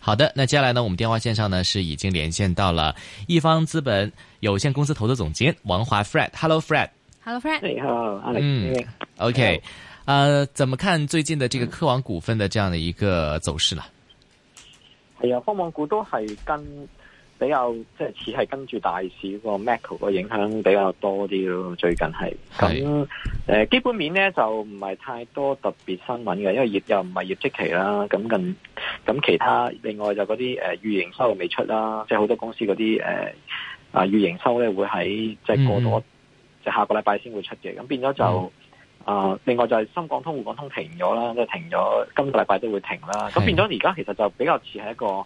好的，那接下來呢，我們電話線上呢是已經連線到了一方資本有限公司投資總監王華 Fred, Hello, Fred. Hello, Fred. Hey,、嗯。Okay, Hello Fred，Hello Fred，你好，嗯，OK，呃，怎麼看最近的這個科網股份的這樣的一個走勢呢？係、嗯、啊，科網股都係跟比較即係似係跟住大市個 Macro 個影響比較多啲咯。最近係咁，誒、呃，基本面呢就唔係太多特別新聞嘅，因為業又唔係業績期啦，咁近。咁其他，另外就嗰啲誒預營收未出啦，即係好多公司嗰啲誒啊預營收咧會喺即係過咗，即、嗯、係下個禮拜先會出嘅。咁變咗就啊、嗯呃，另外就係深港通、滬港通停咗啦，即係停咗，今個禮拜都會停啦。咁變咗而家其實就比較似係一個啊、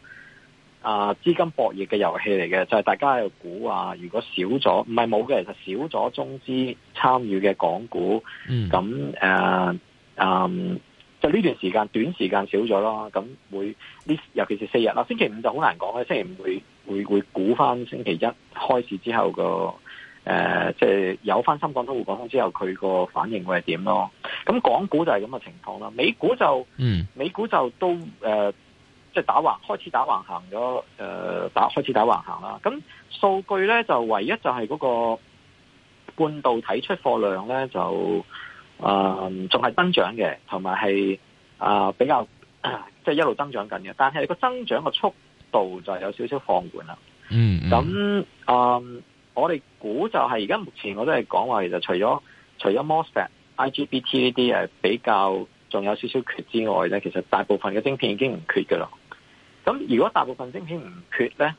呃、資金博弈嘅遊戲嚟嘅，就係、是、大家喺度估啊，如果少咗，唔係冇嘅，其實少咗中資參與嘅港股，咁、嗯、誒就呢段時間短時間少咗咯，咁會呢？尤其是四日嗱，星期五就好難講啦。星期五會會會估翻星期一開始之後個誒，即、呃、係、就是、有翻深港通滬港通之後，佢個反應會係點咯？咁港股就係咁嘅情況啦。美股就嗯，美股就都誒，即、呃、係、就是、打橫開始打橫行咗，誒、呃、打開始打橫行啦。咁數據咧就唯一就係嗰個半導體出貨量咧就。誒、嗯，仲係增長嘅，同埋係誒比較即係一路增長緊嘅，但係個增長嘅速度就有少少放緩啦。嗯，嗯，咁誒、呃，我哋估就係而家目前我都係講話，其實除咗除咗 Mosfet、IGBT 呢啲誒比較仲有少少缺之外咧，其實大部分嘅晶片已經唔缺噶喇。咁如果大部分晶片唔缺咧，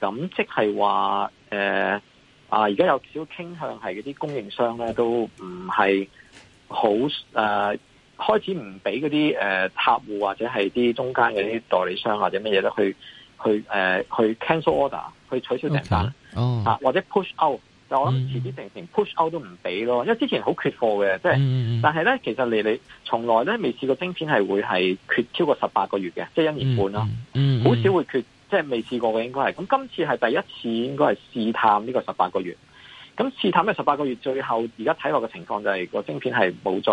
咁即係話誒啊，而家有少少傾向係嗰啲供應商咧都唔係。好誒、呃，開始唔俾嗰啲誒客戶或者係啲中間嘅啲代理商或者乜嘢咧，去去誒、呃、去 cancel order，去取消訂單，okay. oh. 啊或者 push out，mm. 就我諗遲啲訂成 push out 都唔俾咯，因為之前好缺貨嘅，即係，mm. 但係咧其實你你從來咧未試過晶片係會係缺超過十八個月嘅，即係一年半啦，好少會缺 mm.，即係未試過嘅應該係，咁今次係第一次應該係試探呢個十八個月。咁試探嘅十八個月最後而家睇落嘅情況就係個晶片係冇再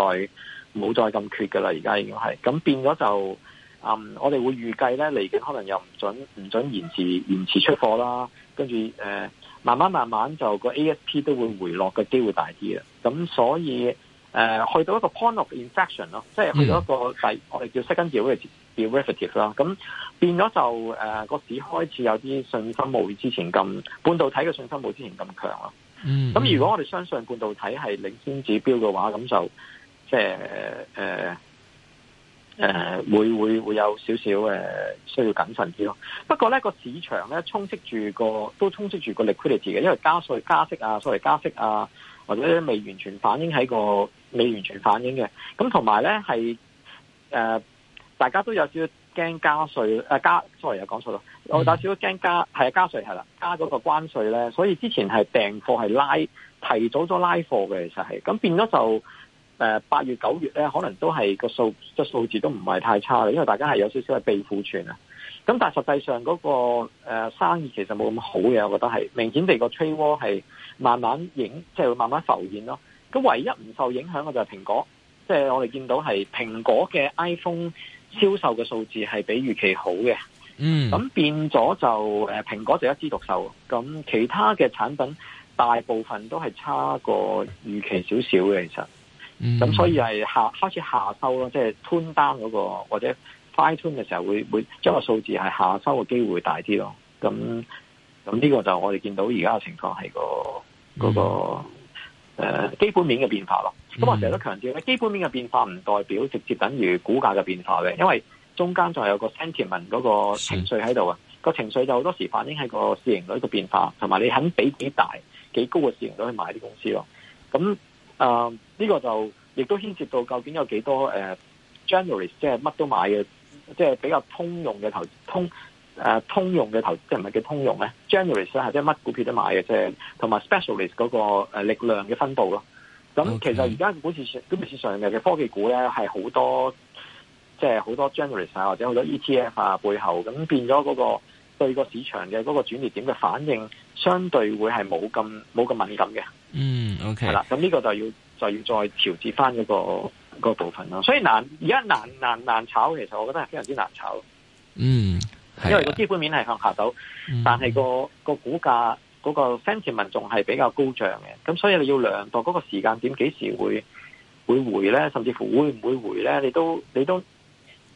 冇再咁缺㗎啦，而家已經係咁變咗就，嗯，我哋會預計咧嚟緊可能又唔准唔准延遲延遲出貨啦，跟住誒慢慢慢慢就個 A S P 都會回落嘅機會大啲啦。咁所以誒、呃、去到一個 point of inflection 咯，即係去到一個第我哋叫 second derivative 啦。咁變咗就誒個市開始有啲信心冇之前咁半導體嘅信心冇之前咁強咯。嗯，咁如果我哋相信半導體係領先指標嘅話，咁就即係誒誒，會會會有少少誒、呃、需要謹慎啲咯。不過咧、那個市場咧充斥住個都充斥住個 liquidity 嘅，因為加稅加息啊，所謂加息啊，或者未完全反映喺個未完全反映嘅。咁同埋咧係誒，大家都有少少。驚加稅誒加 sorry 啊講錯啦，我大少都驚加係啊加稅係啦，加咗個關稅咧，所以之前係訂貨係拉提早咗拉貨嘅，其實係咁變咗就誒八月九月咧，可能都係個數即數字都唔係太差嘅，因為大家係有少少係備庫存啊。咁但係實際上嗰個誒生意其實冇咁好嘅，我覺得係明顯地個 trade war 係慢慢影，即係慢慢浮現咯。咁唯一唔受影響嘅就係蘋果，即係我哋見到係蘋果嘅 iPhone，銷售嘅數字係比預期好嘅，咁、嗯、變咗就誒蘋果就一枝獨秀，咁其他嘅產品大部分都係差過預期少少嘅，其實，咁、嗯、所以係下開始下修咯，即、就、係、是、turn down 嗰、那個或者快 turn 嘅時候會會將個數字係下修嘅機會大啲咯，咁咁呢個就我哋見到而家嘅情況係個嗰個。嗯誒基本面嘅變化咯，咁我成日都強調咧，基本面嘅變化唔代表直接等於股價嘅變化嘅，因為中間仲有個 sentiment 嗰個情緒喺度啊，個情緒就好多時反映係個市盈率嘅變化，同埋你肯俾幾大幾高嘅市盈率去買啲公司咯。咁啊，呢個就亦都牽涉到究竟有幾多、呃、generalist，即係乜都買嘅，即係比較通用嘅投通。誒、啊，通用嘅投即係唔係叫通用咧，generalist 咧，或者乜股票都買嘅，即係同埋 specialist 嗰個誒力量嘅分布咯。咁其實而家股市上，股市上嘅科技股咧係好多，即係好多 generalist 啊，或者好多 ETF 啊背後，咁變咗嗰個對個市場嘅嗰個轉捩點嘅反應，相對會係冇咁冇咁敏感嘅。嗯，OK，係啦。咁呢個就要就要再調節翻嗰個部分咯。所以難而家難難難炒，其實我覺得係非常之難炒。嗯。因為個資本面係向下走，嗯、但係、那個、嗯、個股價嗰、那個 sentiment 仲係比較高漲嘅，咁所以你要量度嗰個時間點幾時會會回咧？甚至乎會唔會回咧，你都你都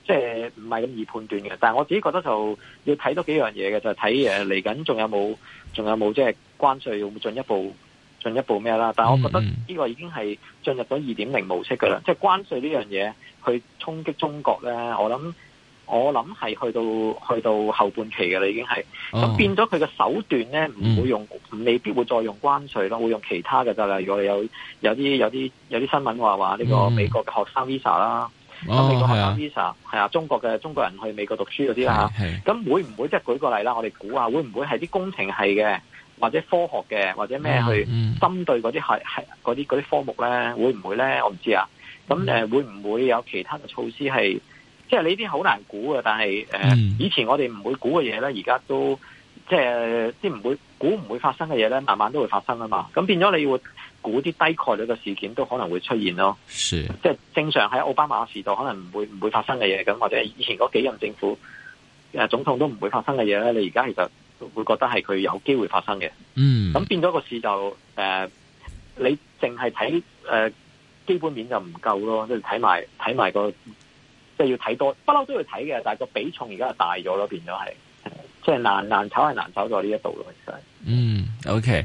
即係唔係咁易判斷嘅。但係我自己覺得就要睇多幾樣嘢嘅，就係睇誒嚟緊仲有冇仲有冇即係關稅會進一步進一步咩啦？但係我覺得呢個已經係進入咗二點零模式噶啦，即、嗯、係、就是、關稅呢樣嘢去衝擊中國咧，我諗。我諗係去到去到後半期嘅啦，已經係咁、哦、變咗佢嘅手段咧，唔會用，嗯，未必會再用關稅啦，會用其他嘅就啦。如果有有啲有啲有啲新聞話話呢個美國嘅學生 visa 啦、哦，咁美國學生 visa 係、哦、啊，啊，啊，中國嘅中國人去美國讀書嗰啲啦，咁會唔會即係、就是、舉個例啦？我哋估下會唔會係啲工程係嘅，或者科學嘅，或者咩去針對嗰啲係係啲啲科目咧？會唔會咧？我唔知啊。咁、誒、嗯、會唔會有其他嘅措施係？即係呢啲好難估嘅，但係誒、呃嗯，以前我哋唔會估嘅嘢咧，而家都即係啲唔會估唔會發生嘅嘢咧，慢慢都會發生啊嘛。咁變咗你會估啲低概率嘅事件都可能會出現咯。是，即係正常喺奧巴馬時代可能唔會唔會發生嘅嘢，咁或者以前嗰幾任政府誒、呃、總統都唔會發生嘅嘢咧，你而家其實會覺得係佢有機會發生嘅。嗯，咁變咗個事就誒、呃，你淨係睇誒基本面就唔夠咯，即係睇埋睇埋個。嗯即係要睇多，不嬲都要睇嘅，但係個比重而家就大咗咯，變咗係，即係難難炒係難炒到呢一度咯，其實。嗯，OK。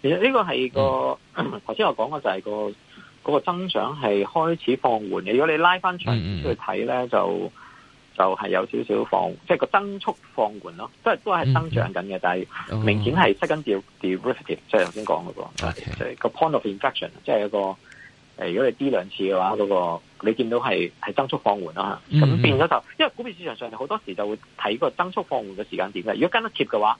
其實呢個係個頭先我講過就係個嗰、那個增長係開始放緩嘅。如果你拉返長出去睇呢，嗯、就就係、是、有少少放，即係個增速放緩囉。都係增長緊嘅、嗯，但係明顯係 second derivative，即係頭先講嗰個，即係個 point of inflection 即係一個如果你 D 兩次嘅話，嗰、那個你見到係增速放緩囉。咁、嗯、變咗就因為股票市場上就好多時就會睇個增速放緩嘅時間點嘅。如果跟得貼嘅話，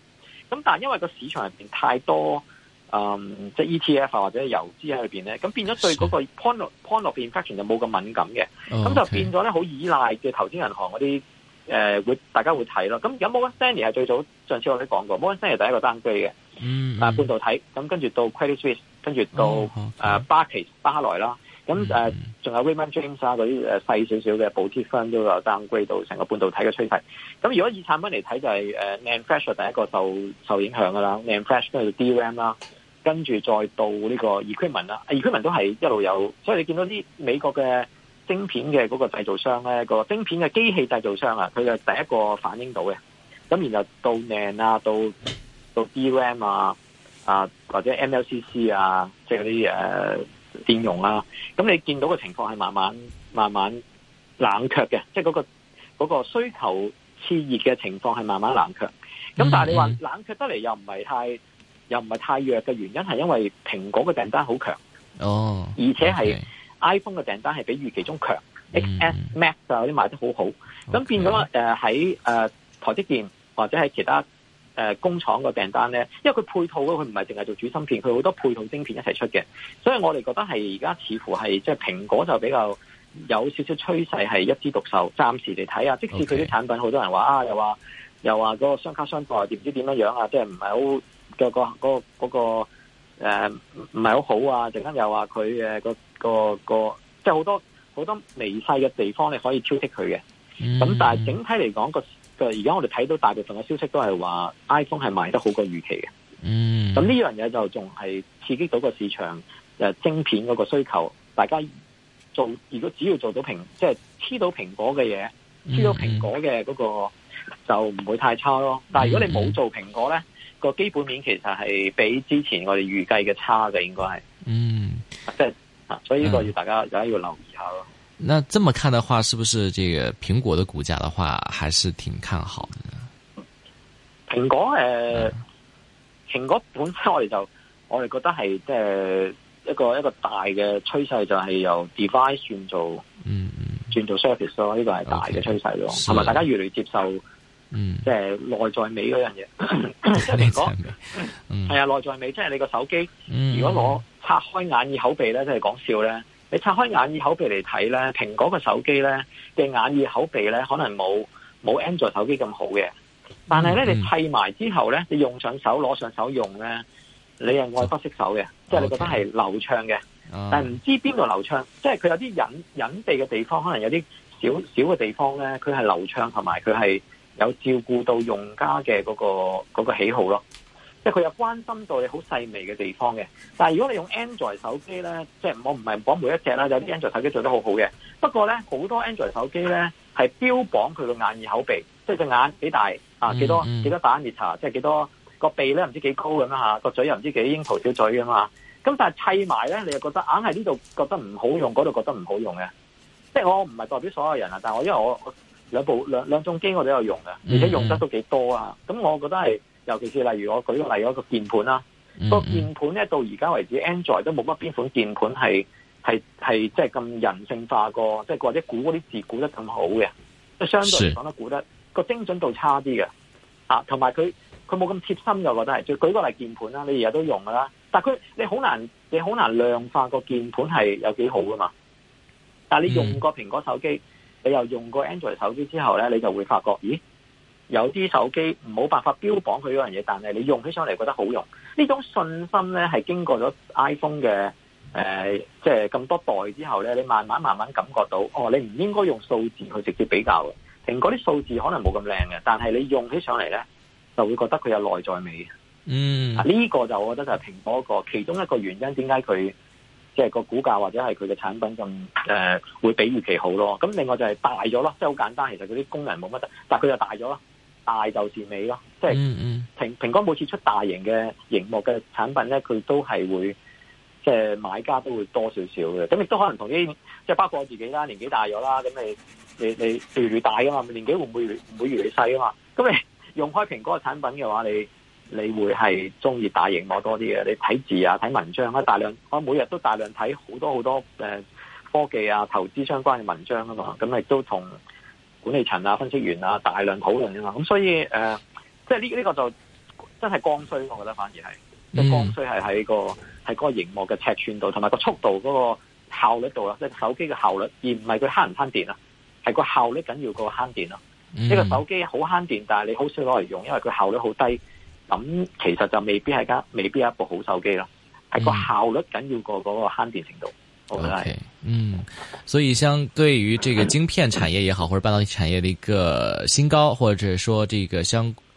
咁但係因為個市場入面太多。嗯，即、就、係、是、ETF 或者油資喺裏邊咧，咁變咗對嗰個 point point of inflection 就冇咁敏感嘅，咁、oh, okay. 就變咗咧好依賴嘅投資銀行嗰啲誒會大家會睇咯。咁有冇 Stanley 係最早上次我都講過，冇 Stanley 第一個 downgrade 嘅，mm -hmm. 啊半導體，咁跟住到 Credit Suisse，跟住到、mm -hmm. 啊、okay. uh, 巴奇巴萊啦，咁誒仲有 Raymond James 啊嗰啲誒細少少嘅補貼分都有 downgrade 到成個半導體嘅趨勢。咁如果以產品嚟睇就係、是、誒 NAND flash 第一個受受影響噶啦 NAND flash 跟住 DRAM 啦。Mm -hmm. 跟住再到呢個 equipment 啦，equipment 都係一路有，所以你見到啲美國嘅晶片嘅嗰個製造商咧，嗰個晶片嘅機器製造商啊，佢就第一個反應到嘅。咁然後到 NAND 啊，到到 DRAM 啊，啊或者 MLCC 啊，即係嗰啲誒電容啦、啊，咁你見到嘅情況係慢慢慢慢冷卻嘅，即係、嗰、嗰個嗰、嗰個需求熾熱嘅情況係慢慢冷卻，咁、嗯嗯、但係你話冷卻得嚟又唔係太。又唔係太弱嘅原因係因為蘋果嘅訂單好強，哦、oh, okay.，而且係 iPhone 嘅訂單係比預期中強、mm.，XS Max 啊，嗰啲賣得好好，咁、okay. 變咗誒喺誒台積電或者喺其他誒、呃、工廠嘅訂單咧，因為佢配套嘅佢唔係淨係做主芯片，佢好多配套晶片一齊出嘅，所以我哋覺得係而家似乎係即係蘋果就比較有少少趨勢係一枝獨秀，暫時嚟睇啊。即使佢啲產品好多人話啊，又話又話嗰個雙卡雙待點知點樣樣啊，即係唔係好。個、個、個嗰個誒唔唔係好好啊！陣間又話佢誒個個即係好多好多微細嘅地方你可以挑剔佢嘅，咁、嗯、但係整體嚟講個而家我哋睇到大部分嘅消息都係話 iPhone 係賣得好過預期嘅，咁、嗯、呢樣嘢就仲係刺激到個市場誒、就是、晶片嗰個需求。大家做如果只要做到蘋即係黐到蘋果嘅嘢，黐、嗯、到蘋果嘅嗰，個就唔會太差咯。但係如果你冇做蘋果咧。個基本面其實係比之前我哋預計嘅差嘅，應該係嗯，即係啊，所以呢個要大家、嗯、大家要留意下咯。那這麼看的話，是不是這個蘋果的股價的話，還是挺看好的？蘋果誒，呃嗯、蘋果本身我哋就我哋覺得係即係一個一個大嘅趨勢，就係由 device 轉做嗯轉做 service 咯，呢個係大嘅趨勢咯，同埋大家越嚟越接受。嗯，即係內在美嗰樣嘢。即係蘋果，係 啊，內、 就是、在美， 即係你個手機、嗯。如果攞拆開眼耳口鼻咧，即係講笑咧。你拆開眼耳口鼻嚟睇咧，蘋果個手機咧嘅眼耳口鼻咧，可能冇冇 Android 手機咁好嘅。但係咧、嗯，你砌埋之後咧，你用上手攞上手用咧，你係愛不釋手嘅，okay. 即係你覺得係流暢嘅。Oh. 但係唔知邊度流暢，即係佢有啲隱隱秘嘅地方，可能有啲少少嘅地方咧，佢係流暢同埋佢係。有照顧到用家嘅嗰個嗰個喜好咯，即係佢有關心到你好細微嘅地方嘅。但係如果你用 Android 手機咧，即係我唔係講每一隻啦，有啲 Android 手機做得好好嘅。不過咧，好多 Android 手機咧係標榜佢嘅眼耳口鼻，即係隻眼幾大啊，幾多幾多打熱茶，即係幾多個鼻咧唔知幾高咁樣嚇，個嘴又唔知幾櫻桃小嘴咁啊。咁但係砌埋咧，你又覺得硬係呢度覺得唔好用，嗰度覺得唔好用嘅。即係我唔係代表所有人啊，但係我因為我。兩部兩兩種機我都有用嘅，而且用得都幾多啊！咁、mm -hmm. 我覺得係，尤其是例如我舉個例嗰個鍵盤啦、啊，mm -hmm. 個鍵盤咧到而家為止 Android 都冇乜邊款鍵盤係係係即係咁人性化過即係或者估嗰啲字估得咁好嘅，即係相對嚟講都估得個精準度差啲嘅啊！同埋佢佢冇咁貼心，我覺得係。就舉個例鍵盤啦，你而家都用噶啦，但係佢你好難你好難量化個鍵盤係有幾好噶嘛？但係你用過蘋果手機。Mm -hmm. 你又用過 Android 手機之後咧，你就會發覺，咦，有啲手機冇辦法標榜佢嗰樣嘢，但係你用起上嚟覺得好用。呢種信心咧，係經過咗 iPhone 嘅誒，即係咁多代之後咧，你慢慢慢慢感覺到，哦，你唔應該用數字去直接比較嘅。蘋果啲數字可能冇咁靚嘅，但係你用起上嚟咧，就會覺得佢有內在美。嗯，呢、啊這個就我覺得就係蘋果個其中一個原因，點解佢？即係個股價或者係佢嘅產品咁誒、呃，會比預期好咯。咁另外就係大咗咯，即係好簡單。其實嗰啲功能冇乜得，但係佢就大咗咯，大就係美咯。即係蘋蘋果每次出大型嘅熒幕嘅產品咧，佢都係會即係買家都會多少少嘅。咁亦都可能同啲即係包括我自己啦，年紀大咗啦，咁你，你，你越越大噶嘛，年紀會唔會越嚟越細啊嘛？咁你用開蘋果嘅產品嘅話，你？你會係中意打螢幕多啲嘅？你睇字啊，睇文章啊，大量我每日都大量睇好多好多誒、呃、科技啊、投資相關嘅文章啊嘛。咁亦都同管理層啊、分析員啊大量討論啊嘛。咁所以誒、呃，即係呢呢個就真係剛需，我覺得反而係即係剛需係喺、那個係嗰個螢幕嘅尺寸度，同埋個速度嗰個效率度啊，即、就、係、是、手機嘅效率，而唔係佢慳唔慳電啊。係個效率緊要過慳電咯。呢、嗯、個手機好慳電，但係你好少攞嚟用，因為佢效率好低。咁其實就未必係架，未必係一部好手機啦。係個效率緊要過嗰個慳電程度，嗯，我覺得係。Okay，嗯，所以相對於這個晶片產業也好，或者半導體產業的一個新高，或者說這個相。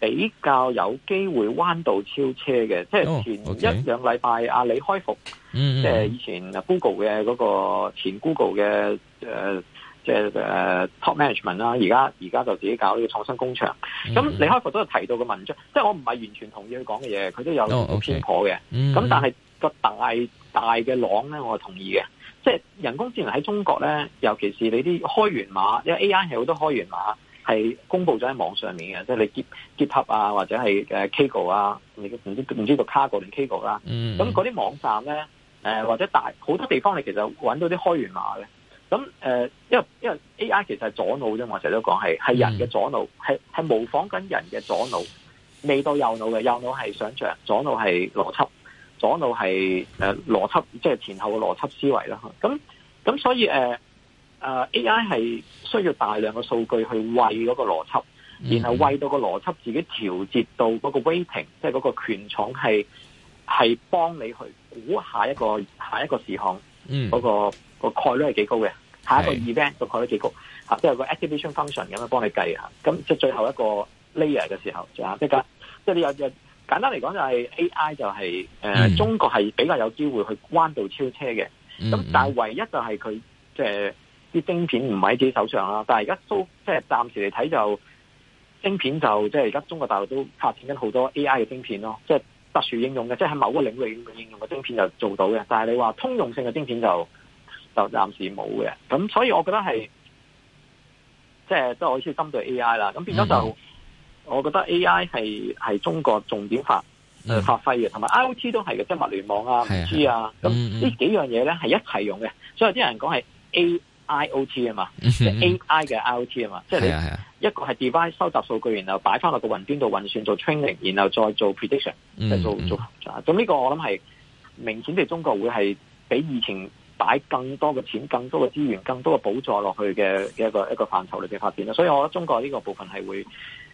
比較有機會彎道超車嘅，即、oh, 係、okay. 前一兩禮拜，阿李開復，即、mm、係 -hmm. 呃、以前 Google 嘅嗰、那個前 Google 嘅即係誒 Top Management 啦。而家而家就自己搞呢個創新工場。咁、mm -hmm. 李開復都有提到嘅文章，即係我唔係完全同意佢講嘅嘢，佢都有偏頗嘅。咁、oh, okay. 但係、mm -hmm. 個大大嘅朗咧，我係同意嘅。即係人工智能喺中國咧，尤其是你啲開源碼，因為 AI 係好多開源碼。係公布咗喺網上面嘅，即係你 GitHub 啊，或者係誒 Kaggle 啊，你唔知唔知讀卡歌定 K 歌啦。咁嗰啲網站咧，誒、呃、或者大好多地方你其實揾到啲開源碼嘅。咁誒、呃，因為因為 AI 其實係左腦啫，我成日都講係係人嘅左腦，係、mm、係 -hmm. 模仿緊人嘅左腦，未到右腦嘅右腦係想象，左腦係邏輯，左腦係誒邏輯，即係、就是、前後嘅邏輯思維啦。咁咁所以誒。呃誒、uh, AI 係需要大量嘅數據去餵嗰個邏輯，嗯、然後餵到那個邏輯自己調節到嗰個 weighting，即係嗰個權重係係幫你去估下一個下一個事項，嗯，嗰、那個概率係幾高嘅，下一個 event 個概率幾高嚇，即係、啊就是、個 activation function 咁樣幫你計，咁即係最後一個 layer 嘅時候就嚇、是，即係即係你有簡簡單嚟講就係 AI 就係、是 uh, 嗯、中國係比較有機會去彎道超車嘅，咁、嗯、但係唯一就係佢即係。就是啲晶片唔喺自己手上啦，但係而家都即係暫時嚟睇就晶片就即係而家中國大陸都發展緊好多 AI 嘅晶片咯，即係特殊應用嘅，即係喺某個領域應用嘅晶片就做到嘅，但係你話通用性嘅晶片就就暫時冇嘅，咁所以我覺得係即係都係好似針對 AI 啦，咁變咗就我覺得 AI 係係中國重點發嗯嗯發揮嘅，同埋 IoT 都係嘅，即係物聯網啊、五 G 啊，咁呢幾樣嘢咧係一齊用嘅，所以有啲人講係 A。IOT 啊嘛，AI 嘅 IOT 啊嘛，即、mm、係 -hmm. mm -hmm. 就是、你一個係 device 收集數據，然後擺翻落個雲端度運算做 training，然後再做 prediction，再、就是、做、mm -hmm. 做咁呢個我諗係明顯地中國會係比以前擺更多嘅錢、更多嘅資源、更多嘅補助落去嘅一個一個，一個範疇嚟嘅發展咯。所以我覺得中國呢個部分係會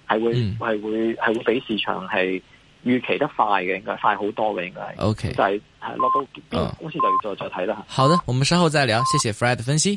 係會係會係會比市場係預期得快嘅，應該快好多嘅，應該係。係 O K，就係落到公司就要再、oh. 再睇啦。吓，好的，我們稍後再聊，謝謝 Fred 嘅分析。